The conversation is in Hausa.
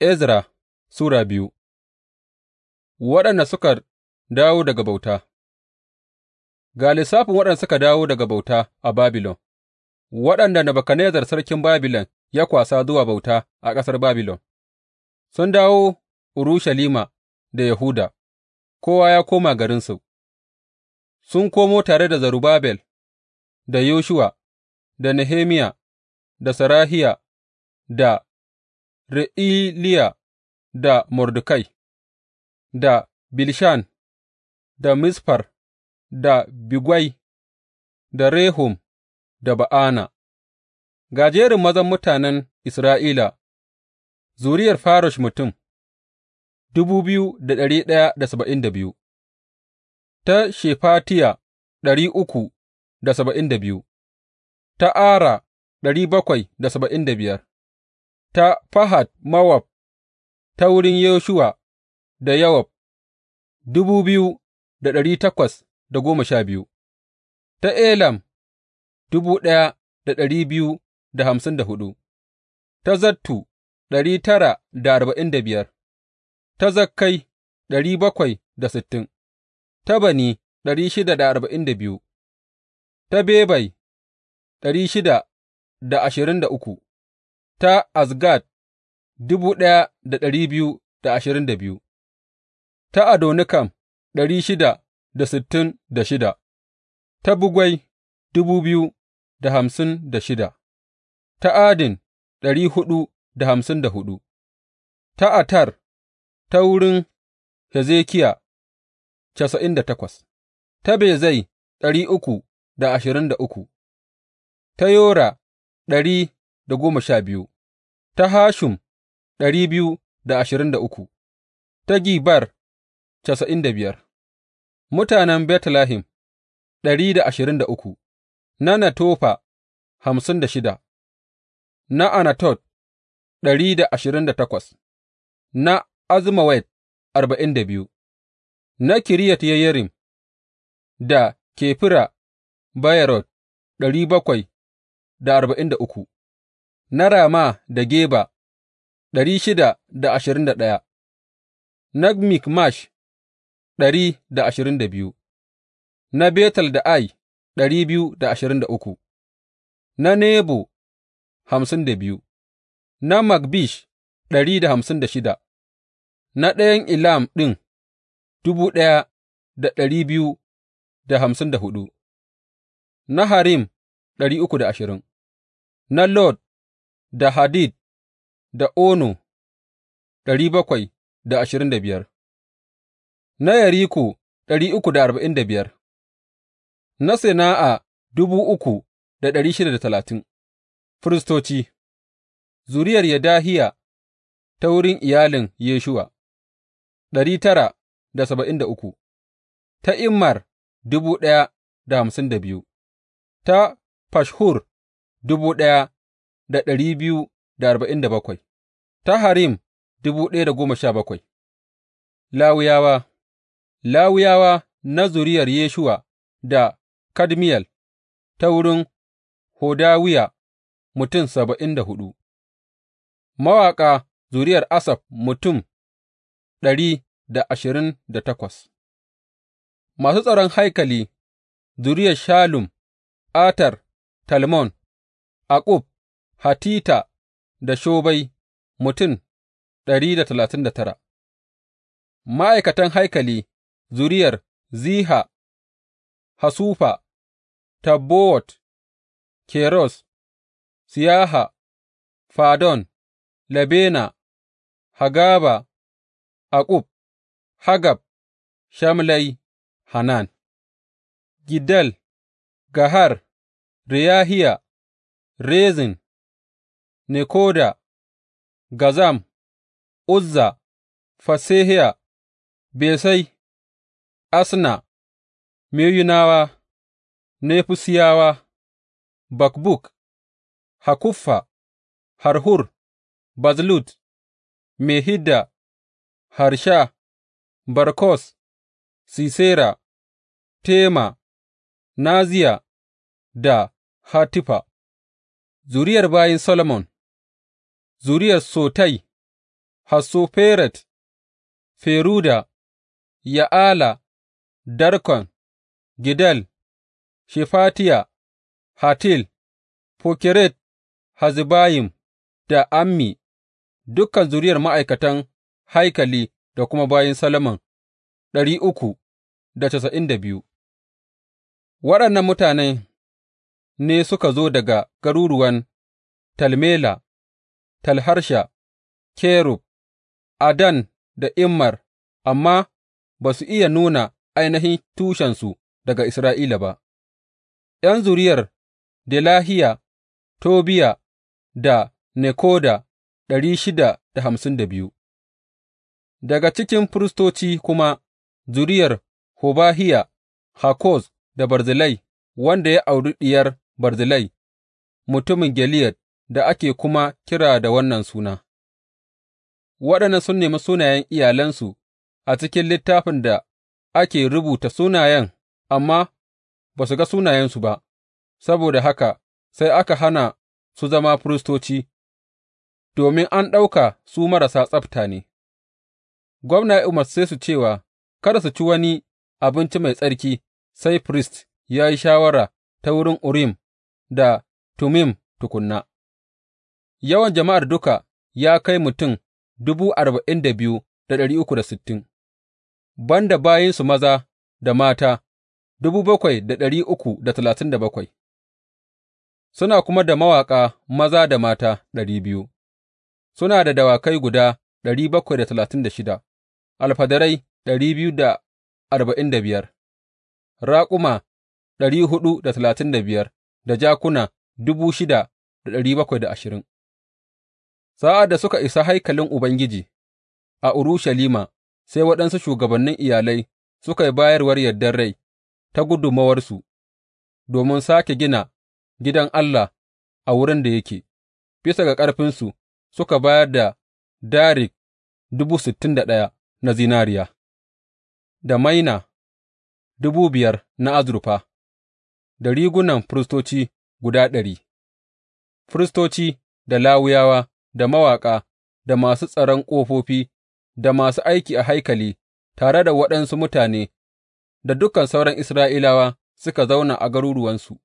Ezra Sura biyu Waɗanda suka dawo daga bauta Ga lissafin waɗanda suka dawo daga bauta a Babilon, waɗanda Nebukadnezzar sarkin Babilon ya kwasa zuwa bauta a ƙasar Babilon, sun dawo Urushalima da Yahuda, kowa ya koma garinsu, sun komo tare da Zerubbabel, da Yoshuwa, da Nehemiya, da Sarahiya, da Re'aliya da Mordekai, da Bilshan, da Misfar, da Bigwai, da Rehum, da Ba'ana Ga jerin mazan mutanen Isra'ila, zuriyar Farosh mutum Dubu biyu, ta Shefatiya ɗari uku da saba'in da biyu, ta Ara ɗari bakwai da saba'in da biyar. ta Fahad mawab ta wurin Yeshuwa da yawab dubu biyu da ɗari takwas da goma sha biyu, ta Elam, dubu ɗaya da ɗari biyu da hamsin da hudu, ta Zattu, ɗari tara da arba'in da biyar, ta Zakkai, ɗari bakwai da sittin, ta Bani, ɗari shida da arba'in da biyu, ta Bebai, ɗari shida da ashirin da uku. ta Azgad dubu ɗaya da ɗari biyu da ashirin da biyu, ta Adonikam ɗari shida da sittin da shida, ta Bugwai dubu biyu da hamsin da shida, ta Adin ɗari huɗu da hamsin da hudu. ta Atar ta wurin Hezekiya casa'in da takwas, ta Bezai ɗari uku da ashirin da uku, ta Yora ɗari da goma sha biyu, ta Hashum ɗari biyu da ashirin da uku, ta Gibar casa'in da biyar, mutanen Betlehem ɗari da ashirin da uku, na Natofa hamsin da shida, na Anatot ɗari da ashirin da takwas, na Azmawet arba'in da biyu, na Kiriyat Yeyarim da Kefira Bayarot ɗari bakwai da arba'in da uku. na Rama da Geba dari shida da ashirin da ɗaya, na Mikmash dari da ashirin da biyu, na Betel da Ai dari biyu da ashirin da uku, na Nebo hamsin da biyu, na Magbish dari da hamsin da shida, na ɗayan Ilam ɗin dubu ɗaya da ɗari biyu da hamsin da hudu, na Harim ɗari uku da ashirin, na Lod da Hadid, da Ono, ɗari bakwai da ashirin da biyar, na Yeriko ɗari uku da arba'in da biyar, na Sina'a dubu uku da ɗari shida da talatin, firistoci, zuriyar Yadahiya ta wurin iyalin Yeshuwa, ɗari tara da saba'in da uku, ta Imar dubu ɗaya da hamsin da biyu, ta Fashhur dubu ɗaya ta Harim bakwai Lawiyawa Lawiyawa na zuriyar Yeshuwa da Kadmiyel ta wurin Hodawiya mutum saba'in da hudu, mawaƙa zuriyar Asaf mutum ɗari da ashirin da takwas, masu tsaron haikali zuriyar Shalum, atar Talmon, Akub Hatita da Shobai mutum ɗari da talatin da tara Ma'aikatan haikali zuriyar Ziha, Hasufa, Tabbowat, Keros, Siyaha, Fadon, Labena, Hagaba, Akub, Hagab, Shamlai, Hanan, Gidal, Gahar, Riyahiya, Rezin, Nekoda, Gazam, Uzza, Fasehiya, Besai, Asna, Meyunawa, Nefusiyawa, Bakbuk, Hakuffa, Harhur, Bazlut, Mehidda, Harsha, Barkos, Sisera, Tema, Naziya da Hatifa. Zuriyar bayin Solomon. zuriyar sotai Hassoferet, Feruda, Ya'ala, Darkon, Gidal, Shefatiya, Hatil, Fokeret, Hazibayim da Ammi, dukan zuriyar ma'aikatan haikali da kuma bayin salomon ɗari uku da casa'in da biyu. Waɗannan mutane ne suka zo daga garuruwan Talmela. Talharsha, Kerub, Adan da Immer, amma ba su iya nuna ainihin tushensu daga Isra'ila ba, ’yan zuriyar Delahiya, Tobiya da Nekoda ɗari shida da hamsin da biyu, daga cikin firistoci kuma zuriyar Hobahiya, Hakkoz da barzilai wanda ya auri diyar barzilai mutumin Gileyad. da ake kuma kira da wannan suna. Waɗannan sun nemi sunayen iyalansu a cikin littafin da ake rubuta sunayen, amma ba su ga sunayensu ba, saboda haka sai aka hana su zama firistoci, domin an ɗauka su marasa tsabta ne. Gwamna ya umarce su cewa, Kada su ci wani abinci mai tsarki, sai firist ya yi shawara ta wurin Urim da Tumim tukunna. Yawan jama'ar duka ya kai mutum dubu ban da bayinsu maza da mata suna kuma da mawaƙa maza da mata ɗari biyu, suna da dawakai guda ɗari bakwai da talatin da shida, alfadarai ɗari biyu da arba'in da biyar, raƙuma ɗari huɗu da talatin da biyar da jakuna dubu shida da ɗari bakwai da ashirin. Sa'ad da suka isa haikalin Ubangiji a Urushalima, sai waɗansu shugabannin iyalai suka yi bayarwar yardar rai ta gudummawarsu domin sake gina gidan Allah a wurin da yake, bisa ga ƙarfinsu suka bayar da darik dubu sittin da ɗaya na zinariya, da maina dubu biyar na azurfa, da rigunan firistoci guda ɗari, firistoci da lawuyawa da mawaƙa, da masu tsaron ƙofofi, da masu aiki a haikali, tare da waɗansu mutane, da dukan sauran Isra'ilawa suka zauna a garuruwansu.